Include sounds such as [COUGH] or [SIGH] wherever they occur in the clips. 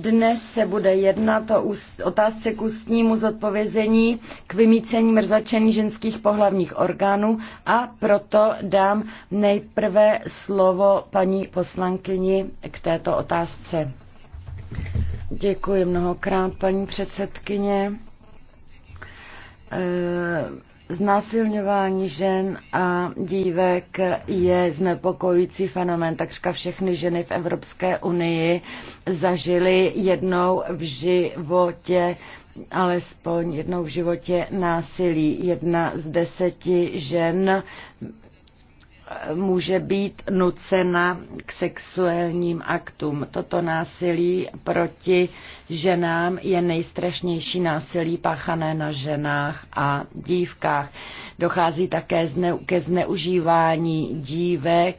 Dnes se bude jednat o otázce k ústnímu zodpovězení k vymícení mrzačení ženských pohlavních orgánů a proto dám nejprve slovo paní poslankyni k této otázce. Děkuji mnohokrát, paní předsedkyně eh, Znásilňování žen a dívek je znepokojící fenomén. Takřka všechny ženy v Evropské unii zažily jednou v životě alespoň jednou v životě násilí. Jedna z deseti žen může být nucena k sexuálním aktům. Toto násilí proti ženám je nejstrašnější násilí páchané na ženách a dívkách. Dochází také ke zneužívání dívek,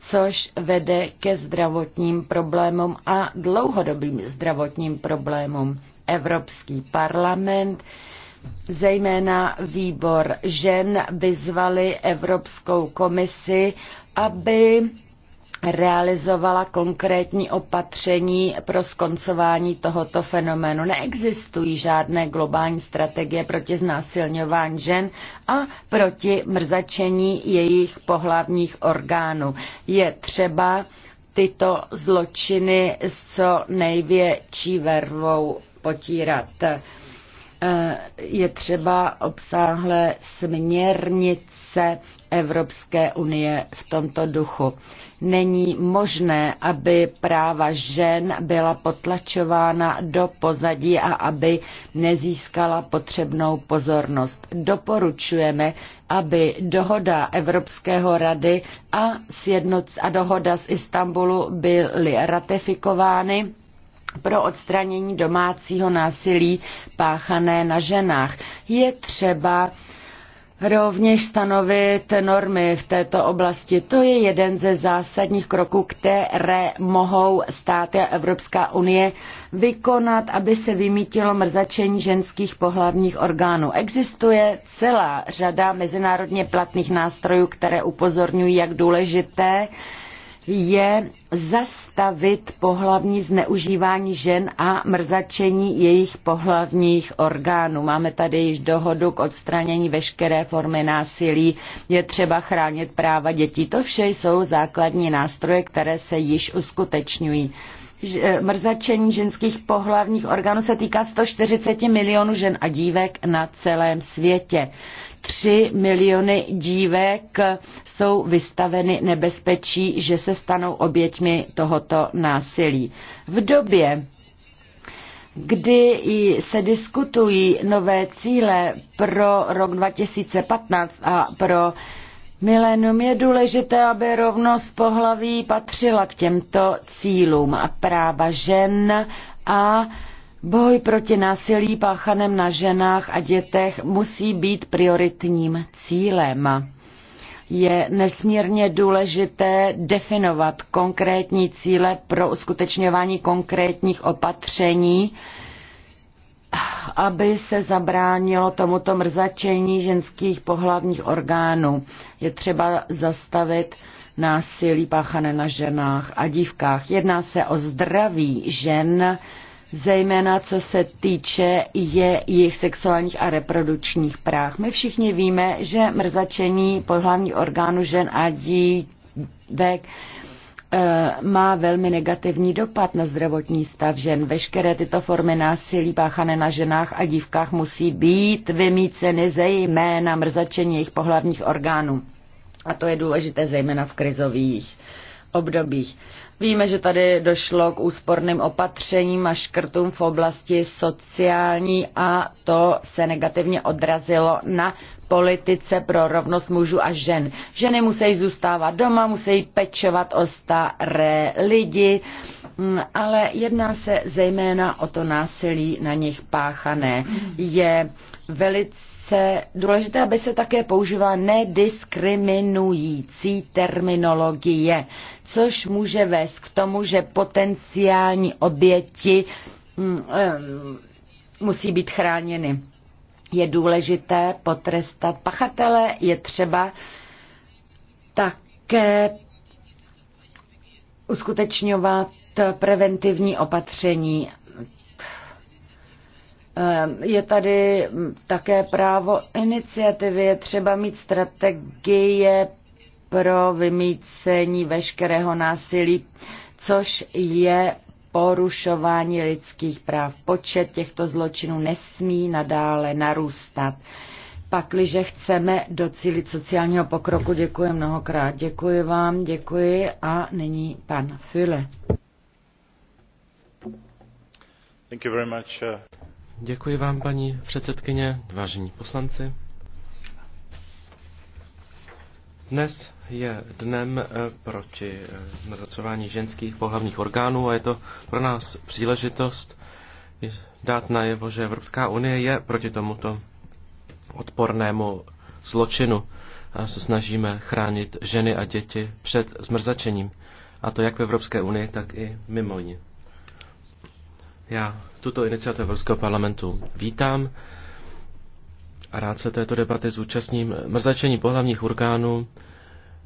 což vede ke zdravotním problémům a dlouhodobým zdravotním problémům. Evropský parlament zejména výbor žen vyzvali Evropskou komisi, aby realizovala konkrétní opatření pro skoncování tohoto fenoménu. Neexistují žádné globální strategie proti znásilňování žen a proti mrzačení jejich pohlavních orgánů. Je třeba tyto zločiny s co největší vervou potírat je třeba obsáhle směrnice Evropské unie v tomto duchu. Není možné, aby práva žen byla potlačována do pozadí a aby nezískala potřebnou pozornost. Doporučujeme, aby dohoda Evropského rady a, sjednoc- a dohoda z Istanbulu byly ratifikovány pro odstranění domácího násilí páchané na ženách. Je třeba Rovněž stanovit normy v této oblasti, to je jeden ze zásadních kroků, které mohou státy a Evropská unie vykonat, aby se vymítilo mrzačení ženských pohlavních orgánů. Existuje celá řada mezinárodně platných nástrojů, které upozorňují, jak důležité je zastavit pohlavní zneužívání žen a mrzačení jejich pohlavních orgánů. Máme tady již dohodu k odstranění veškeré formy násilí, je třeba chránit práva dětí. To vše jsou základní nástroje, které se již uskutečňují. Eh, mrzačení ženských pohlavních orgánů se týká 140 milionů žen a dívek na celém světě. 3 miliony dívek jsou vystaveny nebezpečí, že se stanou oběťmi tohoto násilí. V době, kdy se diskutují nové cíle pro rok 2015 a pro Milénum je důležité, aby rovnost pohlaví patřila k těmto cílům a práva žen a boj proti násilí páchaném na ženách a dětech musí být prioritním cílem je nesmírně důležité definovat konkrétní cíle pro uskutečňování konkrétních opatření aby se zabránilo tomuto mrzačení ženských pohlavních orgánů. Je třeba zastavit násilí páchané na ženách a dívkách. Jedná se o zdraví žen, zejména co se týče je jejich sexuálních a reprodukčních práv. My všichni víme, že mrzačení pohlavních orgánů žen a dívek Eh, má velmi negativní dopad na zdravotní stav žen. Veškeré tyto formy násilí páchané na ženách a dívkách musí být vymíceny ze jména mrzačení jejich pohlavních orgánů. A to je důležité zejména v krizových obdobích. Víme, že tady došlo k úsporným opatřením a škrtům v oblasti sociální a to se negativně odrazilo na politice pro rovnost mužů a žen. Ženy musí zůstávat doma, musí pečovat o staré lidi, mm, ale jedná se zejména o to násilí na nich páchané. Je velice důležité, aby se také používala nediskriminující terminologie, což může vést k tomu, že potenciální oběti mm, musí být chráněny je důležité potrestat pachatele, je třeba také uskutečňovat preventivní opatření. Ehm, je tady také právo iniciativy, je třeba mít strategie pro vymícení veškerého násilí, což je porušování lidských práv. Počet těchto zločinů nesmí nadále narůstat. Pakliže chceme docílit sociálního pokroku, děkuji mnohokrát. Děkuji vám, děkuji a nyní pan Füle. Uh, děkuji vám, paní předsedkyně, vážení poslanci. Dnes je dnem eh, proti eh, mrzacování ženských pohlavních orgánů a je to pro nás příležitost dát najevo, že Evropská unie je proti tomuto odpornému zločinu a se snažíme chránit ženy a děti před zmrzačením. A to jak v Evropské unii, tak i mimo ní. Já tuto iniciativu Evropského parlamentu vítám a rád se této debaty zúčastním. Mrzačení pohlavních orgánů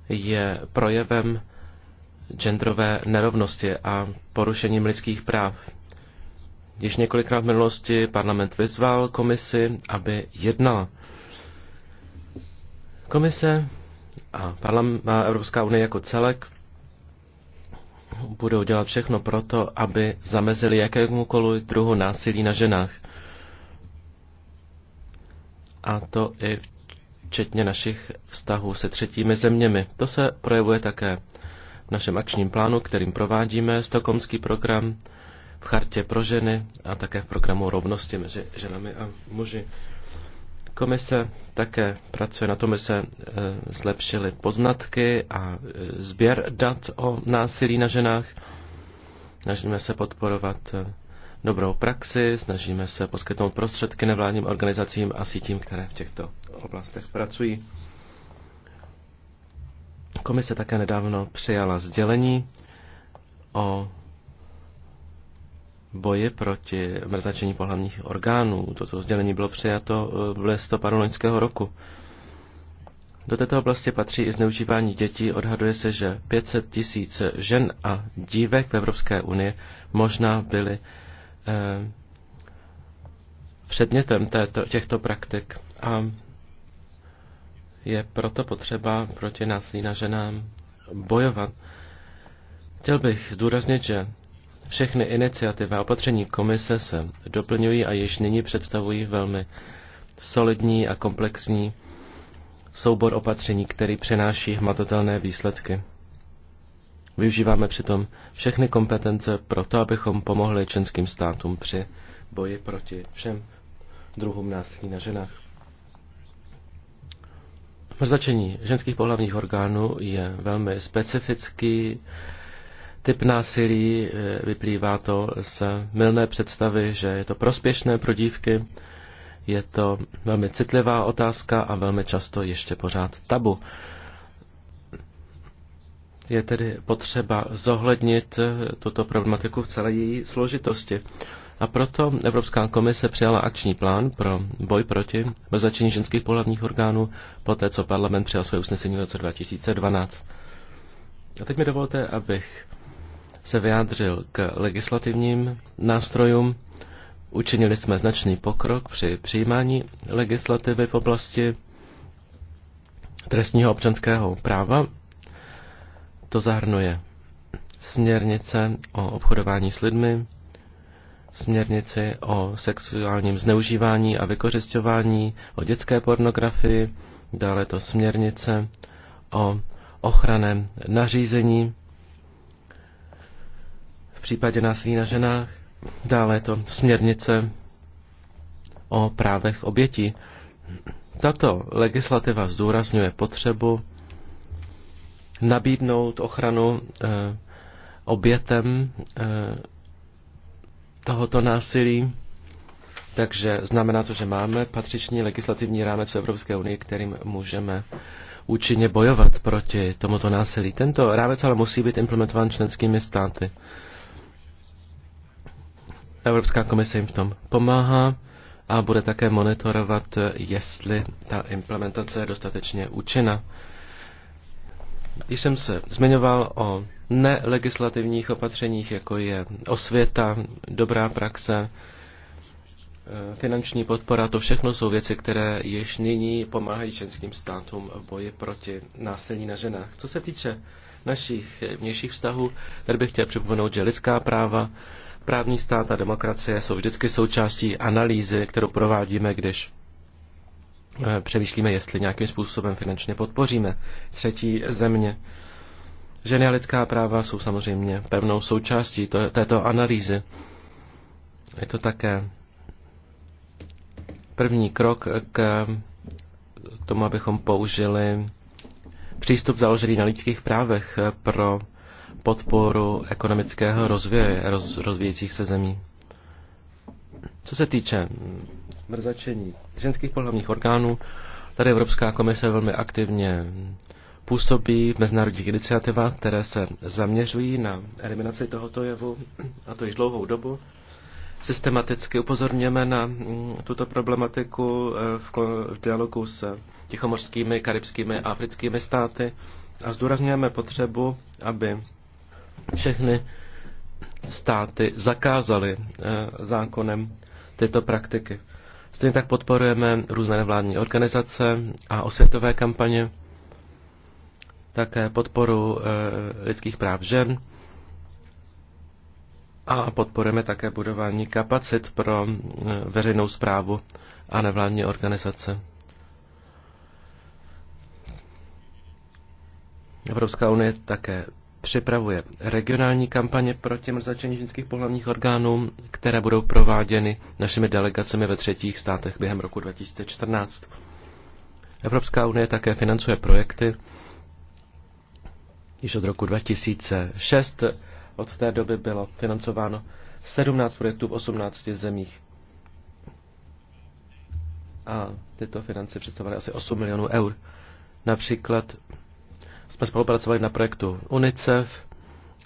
je projevem genderové nerovnosti a porušením lidských práv. Již několikrát v minulosti parlament vyzval komisi, aby jednala. Komise a, a Evropská unie jako celek budou dělat všechno proto, aby zamezili jakémukoliv druhu násilí na ženách. A to i v včetně našich vztahů se třetími zeměmi. To se projevuje také v našem akčním plánu, kterým provádíme stokomský program v chartě pro ženy a také v programu rovnosti mezi ženami a muži. Komise také pracuje na tom, aby se eh, zlepšily poznatky a eh, sběr dat o násilí na ženách. Snažíme se podporovat eh, dobrou praxi, snažíme se poskytnout prostředky nevládním organizacím a sítím, které v těchto oblastech pracují. Komise také nedávno přijala sdělení o boji proti mrzačení pohlavních orgánů. Toto sdělení bylo přijato eh, v listopadu loňského roku. Do této oblasti patří i zneužívání dětí. Odhaduje se, že 500 tisíc žen a dívek v Evropské unii možná byly eh, předmětem této, těchto praktik. A je proto potřeba proti násilí na ženám bojovat. Chtěl bych zdůraznit, že všechny iniciativy a opatření komise se doplňují a již nyní představují velmi solidní a komplexní soubor opatření, který přináší hmatatelné výsledky. Využíváme přitom všechny kompetence pro to, abychom pomohli členským státům při boji proti všem druhům násilí na ženách. Mrzačení ženských pohlavních orgánů je velmi specifický typ násilí, eh, vyplývá to z milné představy, že je to prospěšné pro dívky, je to velmi citlivá otázka a velmi často ještě pořád tabu. Je tedy potřeba zohlednit eh, tuto problematiku v celé její složitosti. A proto Evropská komise přijala akční plán pro boj proti mrzačení ženských pohlavních orgánů, poté co parlament přijal své usnesení v roce 2012. A teď mi dovolte, abych se vyjádřil k legislativním nástrojům. Učinili jsme značný pokrok při přijímání legislativy v oblasti trestního občanského práva. To zahrnuje směrnice o obchodování s lidmi, směrnici o sexuálním zneužívání a vykořišťování, o dětské pornografii, dále to směrnice o ochraném nařízení v případě násilí na ženách, dále to směrnice o právech obětí. Tato legislativa zdůrazňuje potřebu nabídnout ochranu eh, obětem eh, tohoto násilí. Takže znamená to, že máme patřičný legislativní rámec v Evropské unii, kterým můžeme účinně bojovat proti tomuto násilí. Tento rámec ale musí být implementován členskými státy. Evropská komise jim v tom pomáhá a bude také monitorovat, jestli ta implementace je dostatečně účinná. Když jsem se zmiňoval o nelegislativních opatřeních, jako je osvěta, dobrá praxe, e, finanční podpora, to všechno jsou věci, které již nyní pomáhají členským státům v boji proti násilí na ženách. Co se týče našich vnějších vztahů, tady bych chtěl připomenout, že lidská práva, právní stát a demokracie jsou vždycky součástí analýzy, kterou provádíme, když Eh, přemýšlíme, jestli nějakým způsobem finančně podpoříme třetí země. Ženy a lidská práva jsou samozřejmě pevnou součástí této analýzy. Je to také první krok k tomu, abychom použili přístup založený na lidských právech pro podporu ekonomického rozvoje roz, rozvíjejících se zemí. Co se týče mrzačení ženských pohlavních orgánů. Tady Evropská komise velmi aktivně působí v mezinárodních iniciativách, které se zaměřují na eliminaci tohoto jevu, a to již dlouhou dobu. Systematicky upozorněme na mm, tuto problematiku eh, v, v dialogu s tichomorskými, karibskými a africkými státy a zdůrazňujeme potřebu, aby všechny státy zakázaly eh, zákonem tyto praktiky. Stejně tak podporujeme různé nevládní organizace a osvětové kampaně, také podporu eh, lidských práv žen a podporujeme také budování kapacit pro eh, veřejnou zprávu a nevládní organizace. Evropská unie také připravuje regionální kampaně proti mrzačení ženských pohlavních orgánů, které budou prováděny našimi delegacemi ve třetích státech během roku 2014. Evropská unie také financuje projekty již od roku 2006. Od té doby bylo financováno 17 projektů v 18 zemích. A tyto finance představovaly asi 8 milionů eur. Například jsme spolupracovali na projektu UNICEF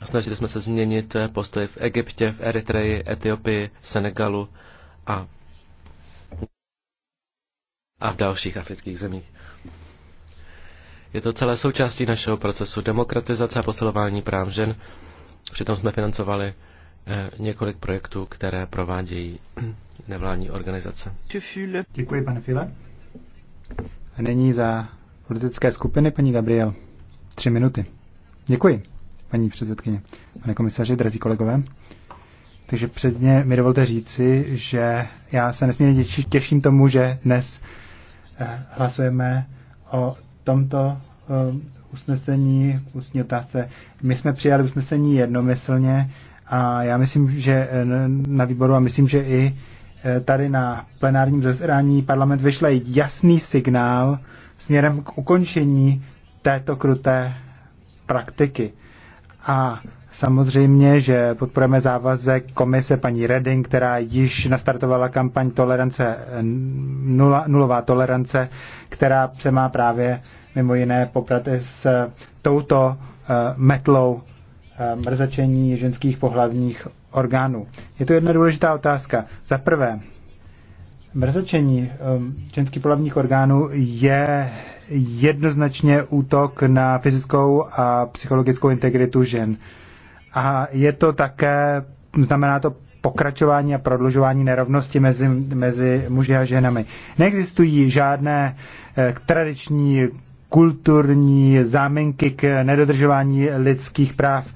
a snažili jsme se změnit postoj v Egyptě, v Eritreji, Etiopii, Senegalu a, a v dalších afrických zemích. Je to celé součástí našeho procesu demokratizace a posilování práv žen. Přitom jsme financovali eh, několik projektů, které provádějí [CLEARS THROAT] nevládní organizace. Děkuji, pane File. A nyní za politické skupiny paní Gabriel tři minuty. Děkuji, paní předsedkyně, pane komisaři, drazí kolegové. Takže předně mi dovolte říci, že já se nesmírně těším tomu, že dnes eh, hlasujeme o tomto eh, usnesení, ústní otázce. My jsme přijali usnesení jednomyslně a já myslím, že eh, na výboru a myslím, že i tady na plenárním zasedání parlament vyšle jasný signál směrem k ukončení této kruté praktiky. A samozřejmě, že podporujeme závazek komise paní Redding, která již nastartovala kampaň tolerance, nula, nulová tolerance, která se má právě mimo jiné poprat s touto eh, metlou eh, mrzačení ženských pohlavních orgánů. Je to jedna důležitá otázka. Za prvé, mrzačení eh, ženských pohlavních orgánů je jednoznačně útok na fyzickou a psychologickou integritu žen. A je to také, znamená to pokračování a prodlužování nerovnosti mezi, mezi muži a ženami. Neexistují žádné eh, tradiční kulturní záminky k nedodržování lidských práv.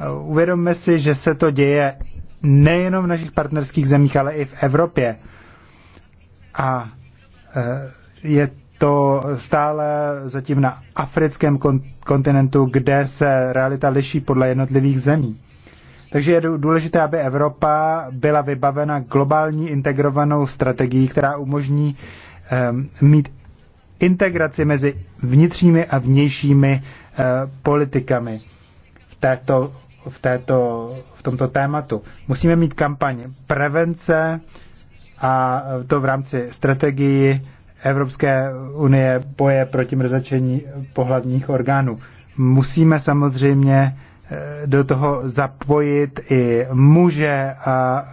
Eh, uvědomme si, že se to děje nejenom v našich partnerských zemích, ale i v Evropě. A eh, je to stále zatím na africkém kontinentu, kde se realita liší podle jednotlivých zemí. Takže je důležité, aby Evropa byla vybavena globální integrovanou strategií, která umožní um, mít integraci mezi vnitřními a vnějšími uh, politikami v, této, v, této, v tomto tématu. Musíme mít kampaň prevence a to v rámci strategii Evropské unie boje proti mrzačení pohlavních orgánů. Musíme samozřejmě eh, do toho zapojit i muže a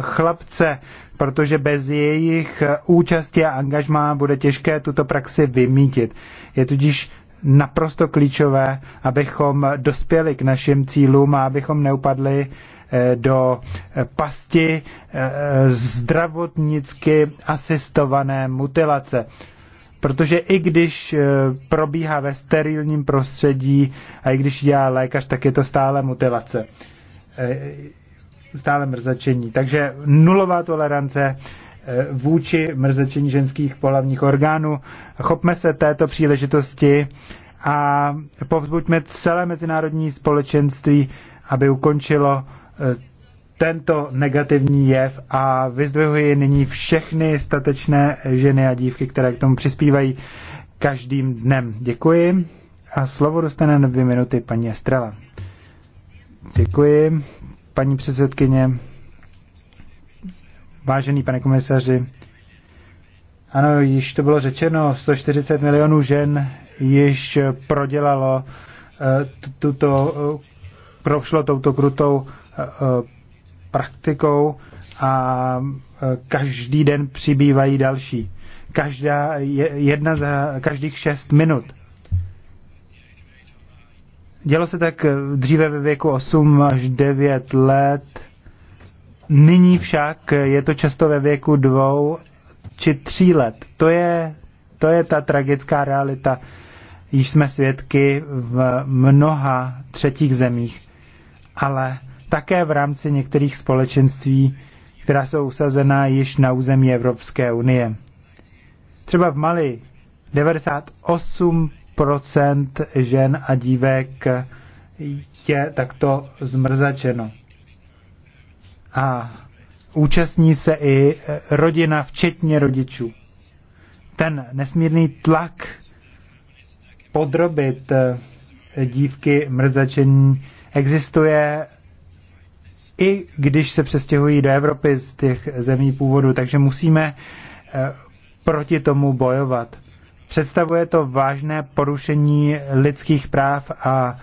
chlapce, protože bez jejich účasti a angažmá bude těžké tuto praxi vymítit. Je tudíž naprosto klíčové, abychom dospěli k našim cílům a abychom neupadli eh, do eh, pasti eh, zdravotnicky asistované mutilace. Protože i když probíhá ve sterilním prostředí a i když dělá lékař, tak je to stále mutilace. Stále mrzačení. Takže nulová tolerance Eh, vůči mrzečení ženských pohlavních orgánů. Chopme se této příležitosti a povzbuďme celé mezinárodní společenství, aby ukončilo eh, tento negativní jev a vyzdvihuji nyní všechny statečné ženy a dívky, které k tomu přispívají každým dnem. Děkuji a slovo dostane na dvě minuty paní Estrela. Děkuji, paní předsedkyně. Vážený pane komisaři, ano, již to bylo řečeno, 140 milionů žen již prodělalo eh, tuto, eh, prošlo touto krutou eh, praktikou a každý den přibývají další. Každá, jedna za každých šest minut. Dělo se tak dříve ve věku 8 až 9 let, Nyní však je to často ve věku dvou či tří let. To je, to je ta tragická realita, již jsme svědky v mnoha třetích zemích, ale také v rámci některých společenství, která jsou usazená již na území Evropské unie. Třeba v Mali 98% žen a dívek je takto zmrzačeno a účastní se i e, rodina, včetně rodičů. Ten nesmírný tlak podrobit e, dívky mrzačení existuje i když se přestěhují do Evropy z těch zemí původu, takže musíme e, proti tomu bojovat. Představuje to vážné porušení lidských práv a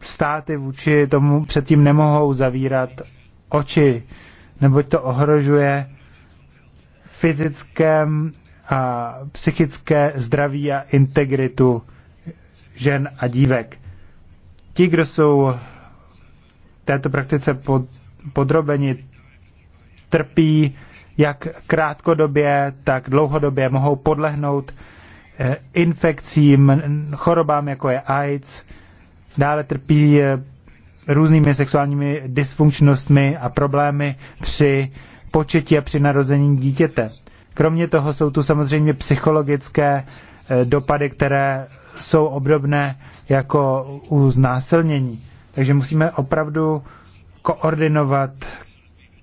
státy vůči tomu předtím nemohou zavírat oči, neboť to ohrožuje fyzické a psychické zdraví a integritu žen a dívek. Ti, kdo jsou této praktice pod, podrobeni, trpí jak krátkodobě, tak dlouhodobě, mohou podlehnout eh, infekcím, chorobám jako je AIDS, dále trpí eh, různými sexuálními dysfunkčnostmi a problémy při početí a při narození dítěte. Kromě toho jsou tu samozřejmě psychologické eh, dopady, které jsou obdobné jako u znásilnění. Takže musíme opravdu koordinovat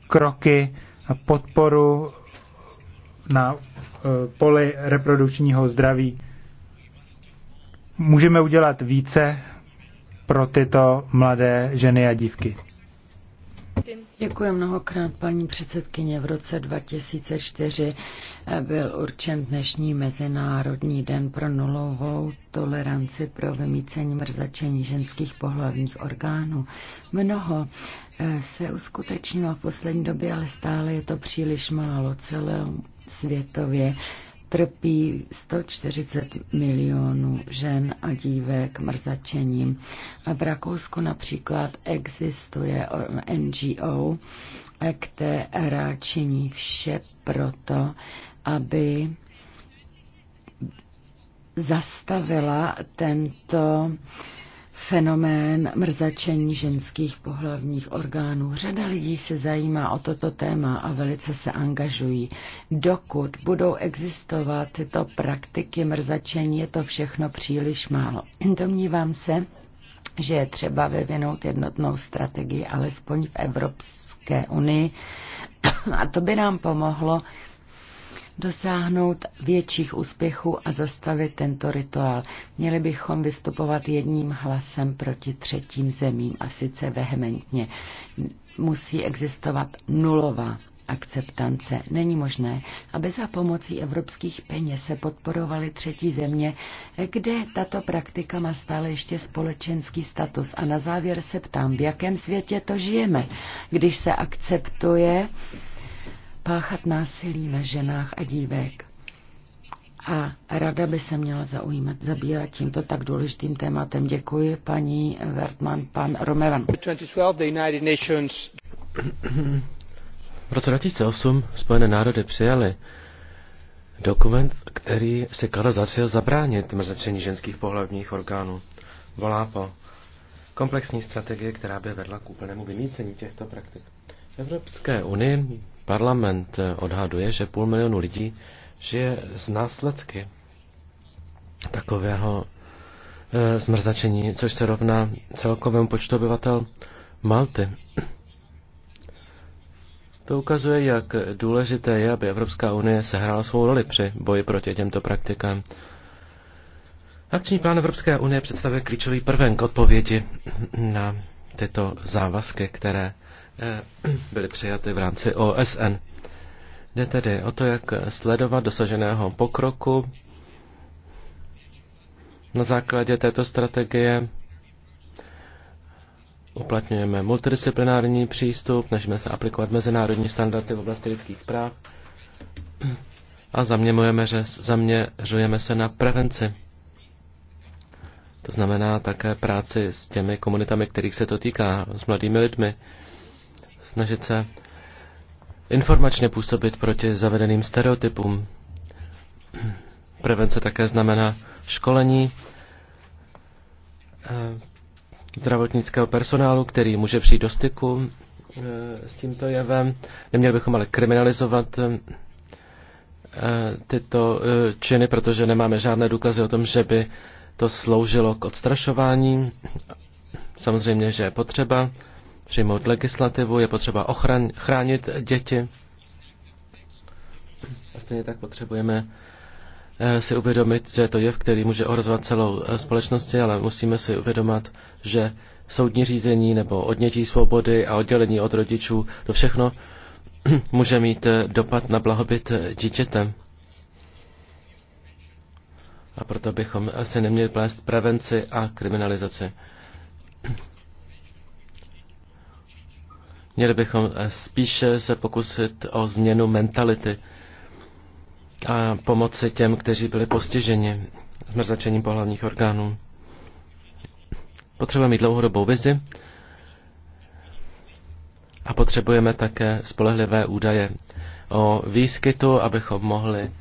kroky a podporu na eh, poli reprodukčního zdraví. Můžeme udělat více pro tyto mladé ženy a dívky. Děkuji mnohokrát, paní předsedkyně. V roce 2004 eh, byl určen dnešní Mezinárodní den pro nulovou toleranci pro vymícení mrzačení ženských pohlavních orgánů. Mnoho eh, se uskutečnilo v poslední době, ale stále je to příliš málo celého světově trpí 140 milionů žen a dívek mrzačením. A v Rakousku například existuje NGO, která činí vše proto, aby zastavila tento fenomén mrzačení ženských pohlavních orgánů. Řada lidí se zajímá o toto téma a velice se angažují. Dokud budou existovat tyto praktiky mrzačení, je to všechno příliš málo. Domnívám se, že je třeba vyvinout jednotnou strategii, alespoň v Evropské unii, a to by nám pomohlo dosáhnout větších úspěchů a zastavit tento rituál. Měli bychom vystupovat jedním hlasem proti třetím zemím a sice vehementně. Musí existovat nulová akceptance. Není možné, aby za pomocí evropských peněz se podporovaly třetí země, kde tato praktika má stále ještě společenský status. A na závěr se ptám, v jakém světě to žijeme, když se akceptuje páchat násilí na ženách a dívek. A rada by se měla zaujímat, zabývat tímto tak důležitým tématem. Děkuji, paní Wertmann, pan Romevan. V roce 2008 Spojené národy přijali dokument, který se kladl za cíl zabránit mrzačení ženských pohlavních orgánů. Volá po komplexní strategie, která by vedla k úplnému vymícení těchto praktik. V Evropské unii Parlament eh, odhaduje, že půl milionu lidí žije z následky takového e, zmrzačení, což se rovná celkovému počtu obyvatel Malty. To ukazuje, jak důležité je, aby Evropská unie sehrála svou roli při boji proti těmto praktikám. Akční plán Evropské unie představuje klíčový prvenk odpovědi na tyto závazky, které Eh, [CLEARS THROAT] byly přijaty v rámci OSN. Jde tedy o to, jak sledovat dosaženého pokroku na základě této strategie uplatňujeme multidisciplinární přístup, snažíme se aplikovat mezinárodní standardy v oblasti lidských práv a zaměřujeme, že zaměřujeme se na prevenci. To znamená také práci s těmi komunitami, kterých se to týká, s mladými lidmi, snažit se informačně působit proti zavedeným stereotypům. Prevence také znamená školení eh, zdravotnického personálu, který může přijít do styku eh, s tímto jevem. Neměli bychom ale kriminalizovat eh, tyto činy, protože nemáme žádné důkazy o tom, že by to sloužilo k odstrašování. Samozřejmě, že je potřeba přijmout legislativu, je potřeba ochran, chránit děti. A stejně tak potřebujeme eh, si uvědomit, že to je, který může ohrozovat celou eh, společnosti, ale musíme si uvědomat, že soudní řízení nebo odnětí svobody a oddělení od rodičů, to všechno [CLEARS THROAT] může mít eh, dopad na blahobyt dítěte. A proto bychom se neměli plést prevenci a kriminalizaci. Měli bychom eh, spíše se pokusit o změnu mentality a pomoci těm, kteří byli postiženi zmrzačením pohlavních orgánů. Potřebujeme mít dlouhodobou vizi a potřebujeme také spolehlivé údaje o výskytu, abychom mohli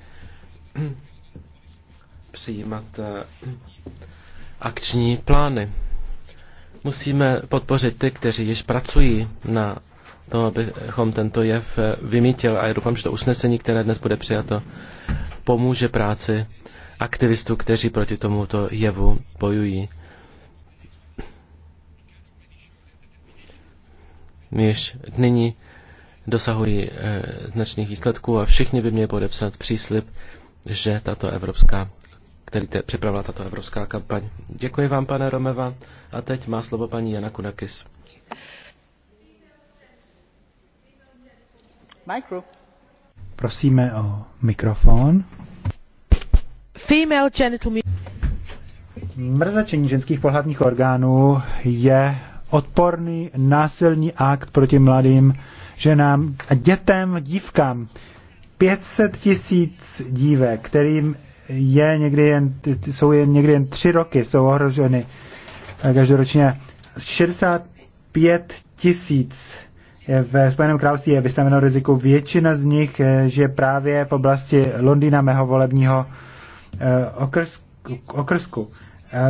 přijímat eh, akční plány. Musíme podpořit ty, kteří již pracují na tom, abychom tento jev eh, vymítil a já doufám, že to usnesení, které dnes bude přijato, pomůže práci aktivistů, kteří proti tomuto jevu bojují. Již nyní dosahují eh, značných výsledků a všichni by měli podepsat příslip, že tato evropská který te připravila tato evropská kampaň. Děkuji vám, pane Romeva. A teď má slovo paní Jana Kunakis. Micro. Prosíme o mikrofon. Female genital Mrzačení ženských pohlavních orgánů je odporný násilný akt proti mladým ženám a dětem, dívkám. 500 tisíc dívek, kterým je někdy jen, jsou jen, někdy jen tři roky, jsou ohroženy eh, každoročně. 65 tisíc ve Spojeném království je vystaveno riziku. Většina z nich eh, že právě v oblasti Londýna, mého volebního eh, okrsku.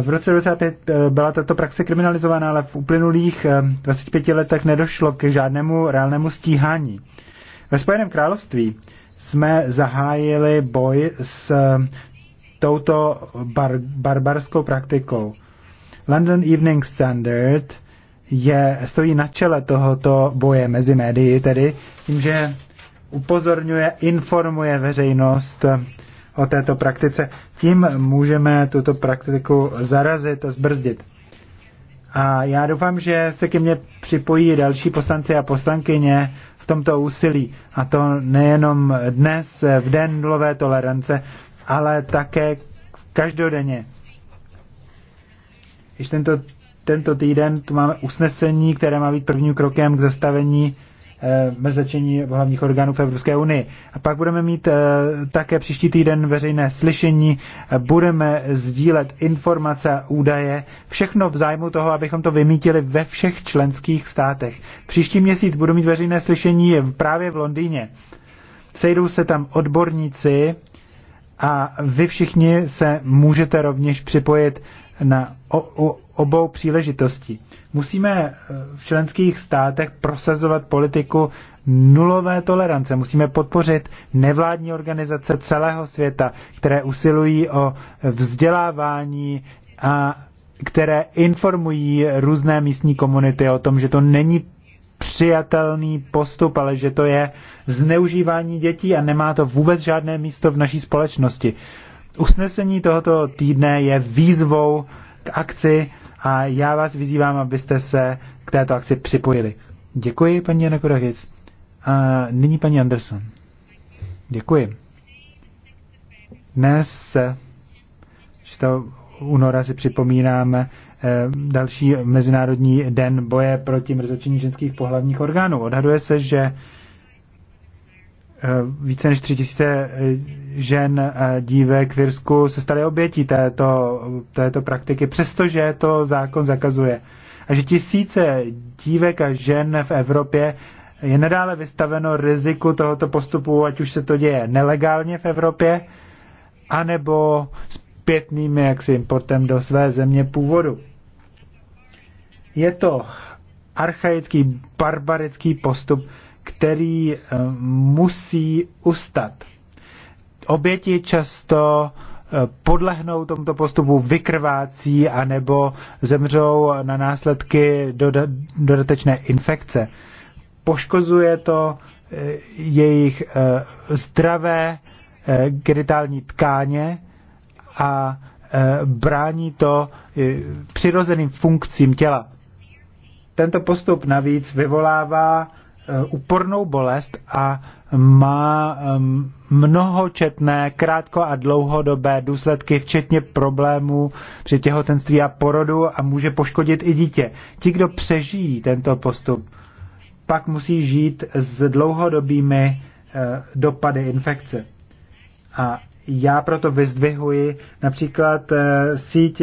V roce 2005 byla tato praxe kriminalizována, ale v uplynulých 25 letech nedošlo k žádnému reálnému stíhání. Ve Spojeném království jsme zahájili boj s eh, touto bar- barbarskou praktikou. London Evening Standard je, stojí na čele tohoto boje mezi médii, tedy tím, že upozorňuje, informuje veřejnost o této praktice. Tím můžeme tuto praktiku zarazit a zbrzdit. A já doufám, že se ke mně připojí další poslanci a poslankyně tomto úsilí. A to nejenom dnes, v den nulové tolerance, ale také každodenně. Již tento, tento týden tu máme usnesení, které má být prvním krokem k zastavení Eh, mezečení hlavních orgánů v Evropské unii. A pak budeme mít eh, také příští týden veřejné slyšení, eh, budeme sdílet informace a údaje, všechno v zájmu toho, abychom to vymítili ve všech členských státech. Příští měsíc budu mít veřejné slyšení právě v Londýně. Sejdou se tam odborníci a vy všichni se můžete rovněž připojit na obou příležitosti. Musíme eh, v členských státech prosazovat politiku nulové tolerance. Musíme podpořit nevládní organizace celého světa, které usilují o vzdělávání a které informují různé místní komunity o tom, že to není přijatelný postup, ale že to je zneužívání dětí a nemá to vůbec žádné místo v naší společnosti. Usnesení tohoto týdne je výzvou k akci a já vás vyzývám, abyste se k této akci připojili. Děkuji, paní Jana Korachic. A nyní paní Anderson. Děkuji. Dnes, 6. února, si připomínáme eh, další Mezinárodní den boje proti mrzačení ženských pohlavních orgánů. Odhaduje se, že Eh, více než tři tisíce eh, žen eh, dívek v Irsku se staly obětí této, této praktiky, přestože to zákon zakazuje. A že tisíce dívek a žen v Evropě je nadále vystaveno riziku tohoto postupu, ať už se to děje nelegálně v Evropě, anebo zpětným jaksi importem do své země původu. Je to archaický, barbarický postup, který eh, musí ustat. Oběti často eh, podlehnou tomto postupu vykrvácí anebo zemřou na následky dodatečné infekce. Poškozuje to eh, jejich zdravé genitální tkáně a brání to přirozeným funkcím těla. Tento postup navíc vyvolává Eh, úpornou bolest a má mnohočetné krátko a dlouhodobé důsledky, včetně problémů při těhotenství a porodu a může poškodit i dítě. Ti, kdo přežijí tento postup, pak musí žít s dlouhodobými eh, dopady infekce. A já proto vyzdvihuji například eh, síť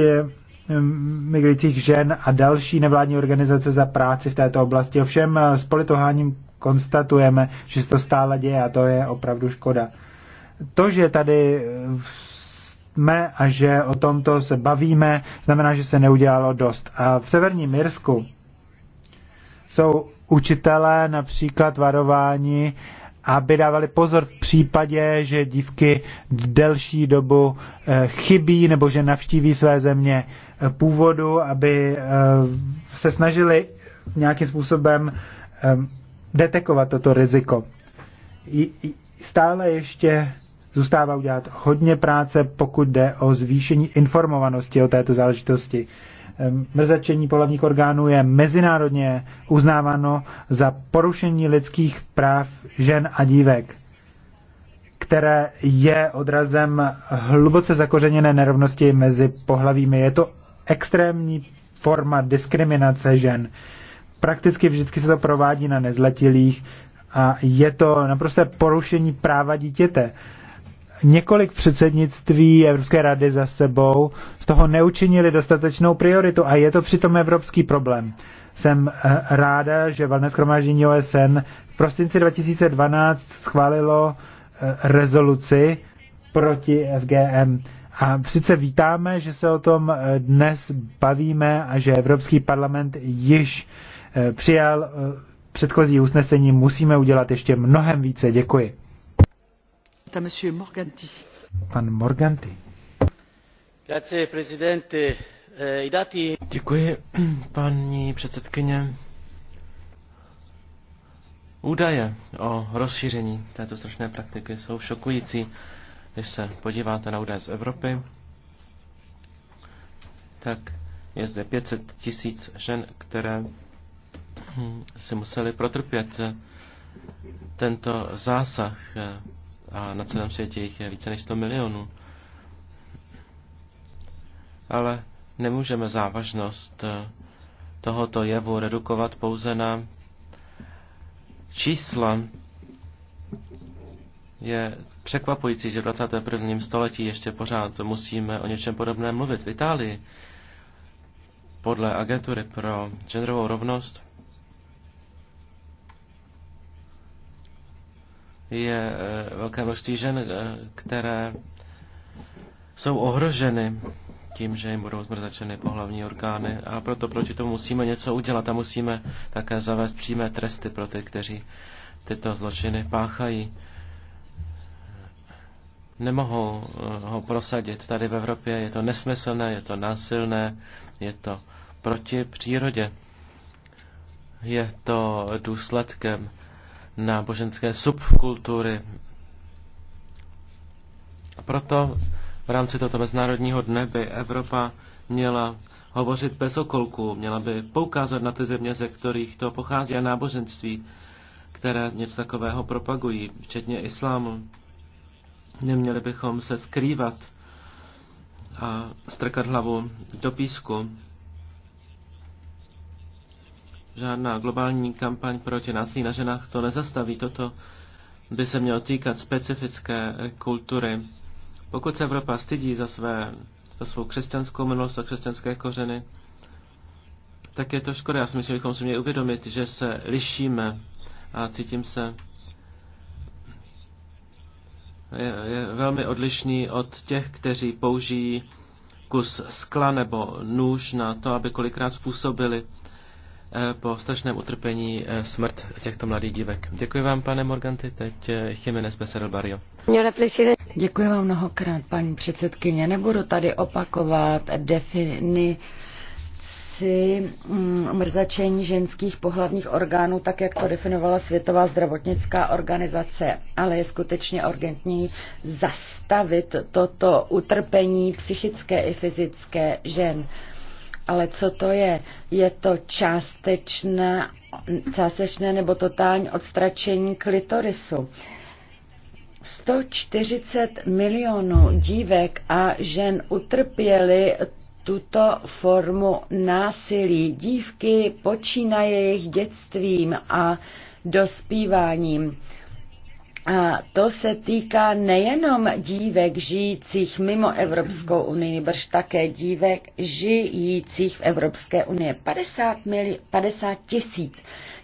migrujících žen a další nevládní organizace za práci v této oblasti. Ovšem eh, s politoháním konstatujeme, že se to stále děje a to je opravdu škoda. To, že tady eh, jsme a že o tomto se bavíme, znamená, že se neudělalo dost. A v severním Mirsku jsou učitelé například varováni aby dávali pozor v případě, že dívky v delší dobu eh, chybí nebo že navštíví své země eh, původu, aby eh, se snažili nějakým způsobem detekovat toto riziko. Stále ještě zůstává udělat hodně práce, pokud jde o zvýšení informovanosti o této záležitosti mrzačení pohlavních orgánů je mezinárodně uznáváno za porušení lidských práv žen a dívek, které je odrazem hluboce zakořeněné nerovnosti mezi pohlavími. Je to extrémní forma diskriminace žen. Prakticky vždycky se to provádí na nezletilých a je to naprosté porušení práva dítěte. Uh, několik předsednictví Evropské rady za sebou z toho neučinili dostatečnou prioritu a je to přitom evropský problém. Jsem eh, ráda, že valné schromáždění OSN v prosinci 2012 schválilo eh, rezoluci proti FGM. A sice vítáme, že se o tom eh, dnes bavíme a že Evropský parlament již přijal předchozí usnesení. Musíme udělat ještě mnohem více. Děkuji. Pan prezidente. Eh, Děkuji, paní předsedkyně. Údaje o rozšíření této strašné praktiky jsou šokující, když se podíváte na údaje z Evropy. Tak je zde 500 tisíc žen, které hm, si museli protrpět tento zásah eh, a na celém světě jich je více než 100 milionů. Ale nemůžeme závažnost eh, tohoto jevu redukovat pouze na čísla. Je překvapující, že v 21. století ještě pořád musíme o něčem podobném mluvit. V Itálii podle agentury pro genderovou rovnost je eh, velké množství žen, eh, které jsou ohroženy tím, že jim budou zmrzačeny pohlavní orgány a proto proti tomu musíme něco udělat a musíme také zavést přímé tresty pro ty, kteří tyto zločiny páchají. Nemohou eh, ho prosadit tady v Evropě, je to nesmyslné, je to násilné, je to proti přírodě. Je to důsledkem náboženské subkultury. A proto v rámci tohoto mezinárodního dne by Evropa měla hovořit bez okolků, měla by poukázat na ty země, ze kterých to pochází a náboženství, které něco takového propagují, včetně islámu. Neměli bychom se skrývat a strkat hlavu do písku žádná globální kampaň proti násilí na ženách to nezastaví. Toto by se mělo týkat specifické kultury. Pokud se Evropa stydí za, své, za svou křesťanskou minulost a křesťanské kořeny, tak je to škoda. Já si myslím, že bychom si měli uvědomit, že se lišíme a cítím se je, je velmi odlišný od těch, kteří použijí kus skla nebo nůž na to, aby kolikrát způsobili Eh, po strašném utrpení eh, smrt těchto mladých dívek. Děkuji vám, pane Morganti, teď eh, Jiménez Becerril Barrio. Děkuji vám mnohokrát, paní předsedkyně. Nebudu tady opakovat defini mm, mrzačení ženských pohlavních orgánů, tak jak to definovala Světová zdravotnická organizace, ale je skutečně urgentní zastavit toto utrpení psychické i fyzické žen. Ale co to je? Je to částečné, částečné nebo totální odstračení klitorisu. 140 milionů dívek a žen utrpěli tuto formu násilí. Dívky počínaje jejich dětstvím a dospíváním. A to se týká nejenom dívek žijících mimo Evropskou unii, brž také dívek žijících v Evropské unii. 50, mili, 50 tisíc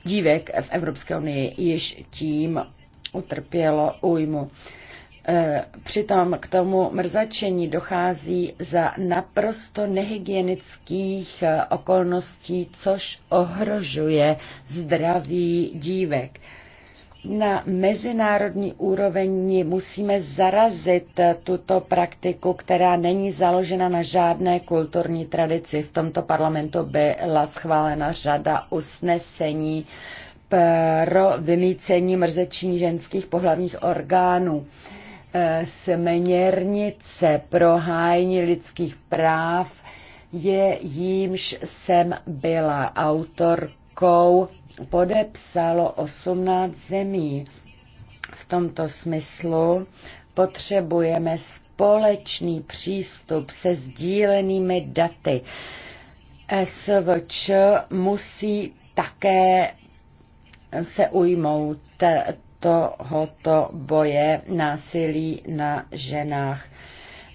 dívek v Evropské unii již tím utrpělo újmu. E, přitom k tomu mrzačení dochází za naprosto nehygienických e, okolností, což ohrožuje zdraví dívek na mezinárodní úroveň musíme zarazit tuto praktiku, která není založena na žádné kulturní tradici. V tomto parlamentu byla schválena řada usnesení pro vymícení mrzeční ženských pohlavních orgánů. E, směrnice pro hájení lidských práv je jímž jsem byla autor rukou podepsalo 18 zemí. V tomto smyslu potřebujeme společný přístup se sdílenými daty. SVČ musí také se ujmout tohoto boje násilí na ženách.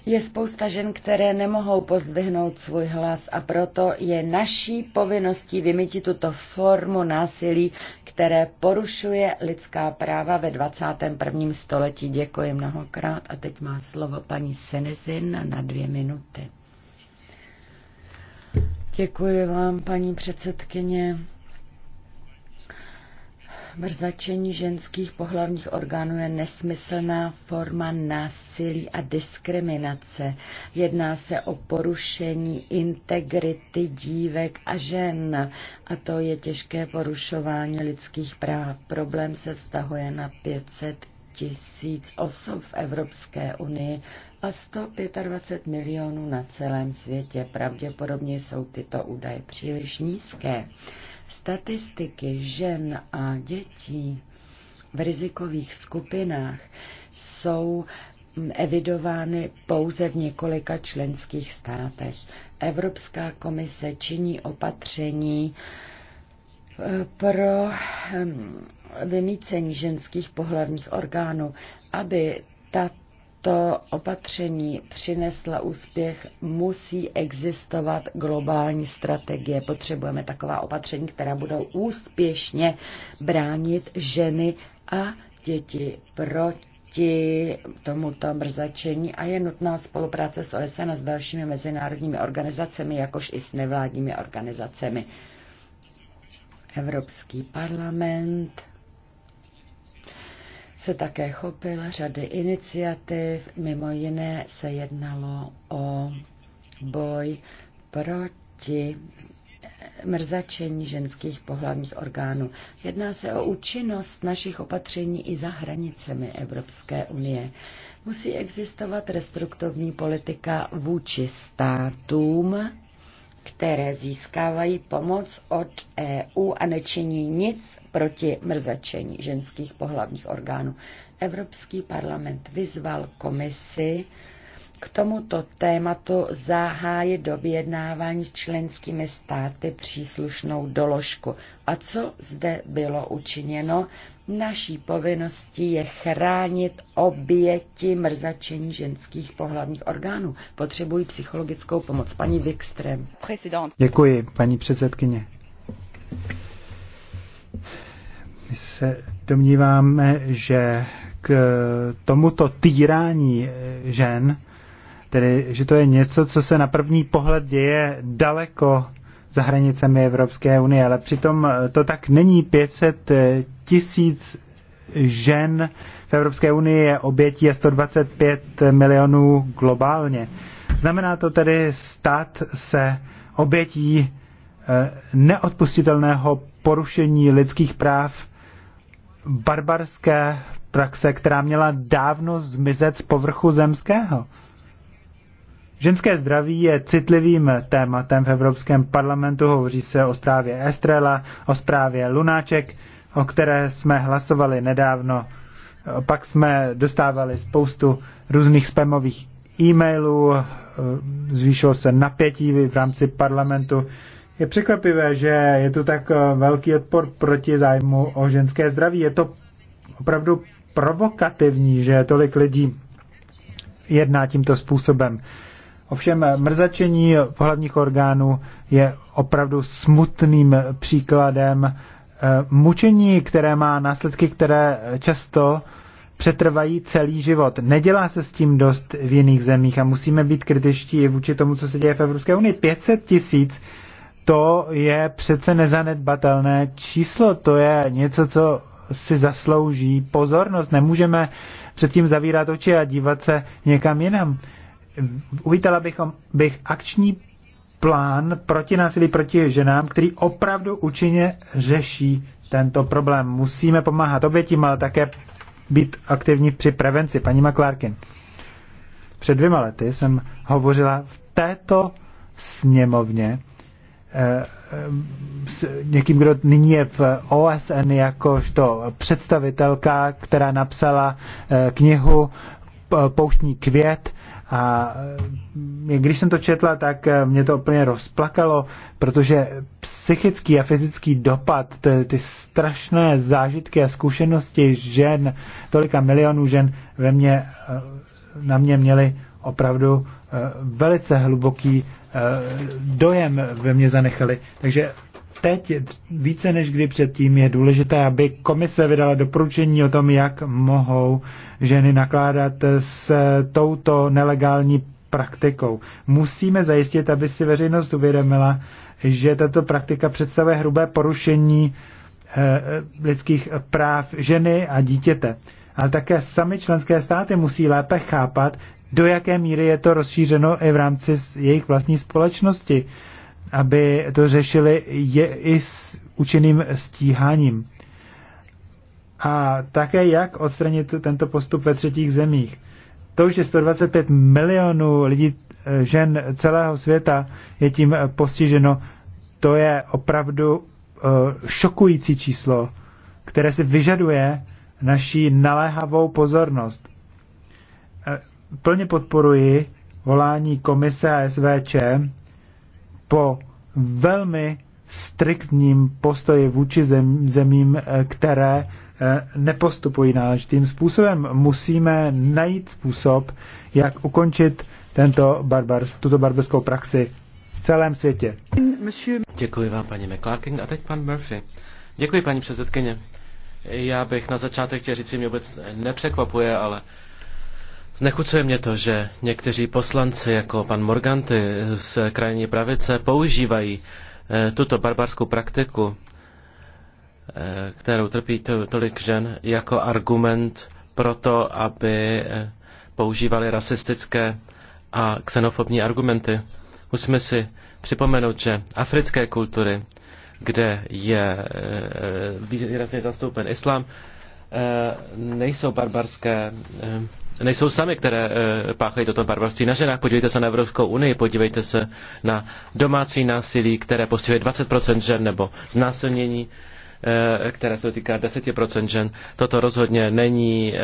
Je spousta žen, které nemohou pozdvihnout svůj hlas a proto je naší povinností vymítit tuto formu násilí, které porušuje lidská práva ve 21. století. Děkuji mnohokrát a teď má slovo paní Senezin na dvě minuty. Děkuji vám, paní předsedkyně mrzačení ženských pohlavních orgánů je nesmyslná forma násilí a diskriminace. Jedná se o porušení integrity dívek a žen a to je těžké porušování lidských práv. Problém se vztahuje na 500 tisíc osob v Evropské unii a 125 milionů na celém světě. Pravděpodobně jsou tyto údaje příliš nízké. Statistiky žen a dětí v rizikových skupinách jsou evidovány pouze v několika členských státech. Evropská komise činí opatření eh, pro ehm, vymícení ženských pohlavních orgánů, aby tato tato opatření přinesla úspěch, musí existovat globální strategie. Potřebujeme taková opatření, která budou úspěšně bránit ženy a děti proti tomuto mrzačení a je nutná spolupráce s OSN a s dalšími mezinárodními organizacemi, jakož i s nevládními organizacemi. Evropský parlament se také chopil řady iniciativ, mimo jiné se jednalo o boj proti mrzačení ženských pohlavních orgánů. Jedná se o účinnost našich opatření i za hranicemi Evropské unie. Musí existovat restruktovní politika vůči státům, které získávají pomoc od EU a nečiní nic proti mrzačení ženských pohlavních orgánů. Evropský parlament vyzval komisi, k tomuto tématu zahájit do vyjednávání s členskými státy příslušnou doložku. A co zde bylo učiněno? Naší povinností je chránit oběti mrzačení ženských pohlavních orgánů. Potřebují psychologickou pomoc. Paní Wikström. Děkuji, paní předsedkyně. My se domníváme, že k tomuto týrání žen tedy že to je něco, co se na první pohled děje daleko za hranicemi Evropské unie, ale přitom eh, to tak není. 500 eh, tisíc žen v Evropské unii je obětí a 125 milionů globálně. Znamená to tedy stát se obětí eh, neodpustitelného porušení lidských práv, barbarské praxe, která měla dávno zmizet z povrchu zemského. Ženské zdraví je citlivým tématem v Evropském parlamentu. Hovoří se o zprávě Estrela, o zprávě Lunáček, o které jsme hlasovali nedávno. Pak jsme dostávali spoustu různých spamových e-mailů, zvýšilo se napětí v rámci parlamentu. Je překvapivé, že je tu tak velký odpor proti zájmu o ženské zdraví. Je to opravdu provokativní, že tolik lidí jedná tímto způsobem. Ovšem mrzačení pohlavních orgánů je opravdu smutným příkladem eh, mučení, které má následky, které často přetrvají celý život. Nedělá se s tím dost v jiných zemích a musíme být kritičtí i vůči tomu, co se děje v Evropské unii. 500 tisíc to je přece nezanedbatelné číslo, to je něco, co si zaslouží pozornost. Nemůžeme předtím zavírat oči a dívat se někam jinam uvítala bychom, bych akční plán proti násilí proti ženám, který opravdu účinně řeší tento problém. Musíme pomáhat obětím, ale také být aktivní při prevenci. Paní Maklárkin, před dvěma lety jsem hovořila v této sněmovně eh, s někým, kdo nyní je v OSN jakožto představitelka, která napsala eh, knihu eh, Pouštní květ, a eh, když jsem to četla, tak eh, mě to úplně rozplakalo, protože psychický a fyzický dopad, ty, ty strašné zážitky a zkušenosti žen, tolika milionů žen ve mně, eh, na mě měly opravdu velice hluboký dojem ve mně zanechali. Takže teď více než kdy předtím je důležité, aby komise vydala doporučení o tom, jak mohou ženy nakládat s touto nelegální praktikou. Musíme zajistit, aby si veřejnost uvědomila, že tato praktika představuje hrubé porušení eh, lidských práv ženy a dítěte. Ale také sami členské státy musí lépe chápat, do jaké míry je to rozšířeno i v rámci jejich vlastní společnosti aby to řešili je i s učeným stíháním. A také jak odstranit tento postup ve třetích zemích. To, že 125 milionů lidí, eh, žen celého světa je tím eh, postiženo, to je opravdu eh, šokující číslo, které si vyžaduje naší naléhavou pozornost. Plně podporuji volání komise a SVČ po velmi striktním postoji vůči zem, zemím, eh, které eh, nepostupují náležitým způsobem. Musíme najít způsob, jak ukončit tento barbars, tuto barbarskou praxi v celém světě. Děkuji vám, paní McClarkin. A teď pan Murphy. Děkuji, paní předsedkyně. Já bych na začátek chtěl říct, že mě vůbec nepřekvapuje, ale uh, Znechucuje mě to, že někteří poslanci, jako pan Morganty z krajní pravice, používají eh, tuto barbarskou praktiku, eh, kterou trpí tolik žen, jako argument pro to, aby eh, používali rasistické a xenofobní argumenty. Musíme si připomenout, že africké kultury, kde je výrazně zastoupen islám, Eh, nejsou barbarské, eh, nejsou sami, které eh, páchají toto barbarství na ženách. Podívejte se na Evropskou unii, podívejte se na domácí násilí, které postihuje 20% žen, nebo znásilnění, které se týká 10% žen. Toto rozhodně není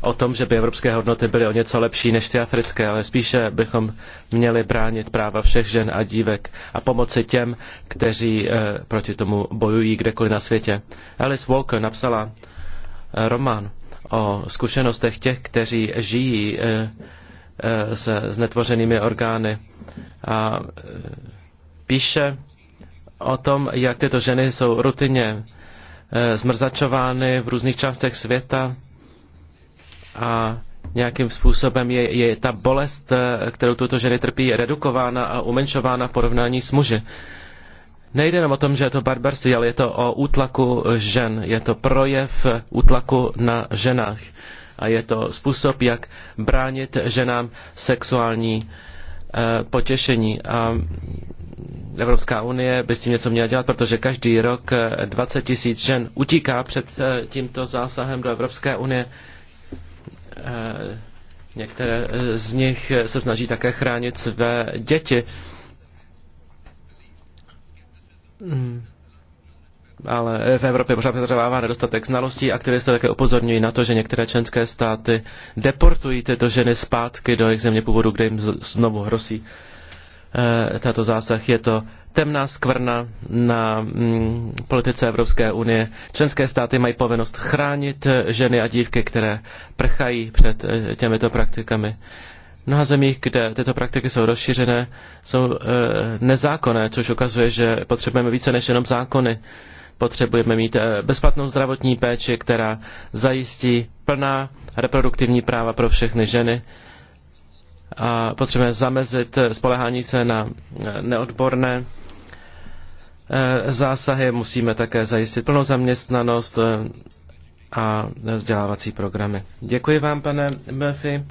o tom, že by evropské hodnoty byly o něco lepší než ty africké, ale spíše bychom měli bránit práva všech žen a dívek a pomoci těm, kteří proti tomu bojují kdekoliv na světě. Alice Walker napsala román o zkušenostech těch, kteří žijí eh, eh, se znetvořenými orgány. A eh, píše o tom, jak tyto ženy jsou rutině zmrzačovány v různých částech světa a nějakým způsobem je, je ta bolest, kterou tuto ženy trpí, redukována a umenšována v porovnání s muži. Nejde jenom o tom, že je to barbarství, ale je to o útlaku žen. Je to projev útlaku na ženách. A je to způsob, jak bránit ženám sexuální eh, potěšení. A Evropská unie by s tím něco měla dělat, protože každý rok 20 eh, tisíc žen utíká před eh, tímto zásahem do Evropské unie. Některé z nich se snaží také chránit své děti. Hmm. Ale v Evropě pořád přetrvává nedostatek znalostí. Aktivisté také upozorňují na to, že některé členské státy deportují tyto ženy zpátky do jejich země původu, kde jim znovu hrosí e, eh, tato zásah. Je to temná skvrna na mm, politice Evropské unie. Členské státy mají povinnost chránit eh, ženy a dívky, které prchají před eh, těmito praktikami mnoha zemích, kde tyto praktiky jsou rozšířené, jsou e, nezákonné, což ukazuje, že potřebujeme více než jenom zákony. Potřebujeme mít e, bezplatnou zdravotní péči, která zajistí plná reproduktivní práva pro všechny ženy. A potřebujeme zamezit eh, spolehání se na neodborné e, zásahy. Musíme také zajistit plnou zaměstnanost e, a vzdělávací programy. Děkuji vám, pane Murphy.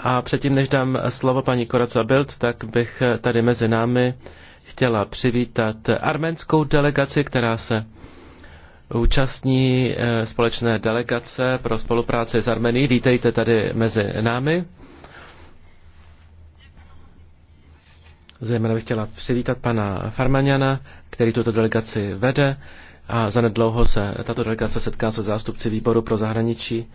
A předtím, než dám slovo paní Koraca Bild, tak bych tady mezi námi chtěla přivítat arménskou delegaci, která se účastní eh, společné delegace pro spolupráci s Armenií. Vítejte tady mezi námi. Zejména bych chtěla přivítat pana Farmaniana, který tuto delegaci vede a zanedlouho se tato delegace setká se zástupci výboru pro zahraničí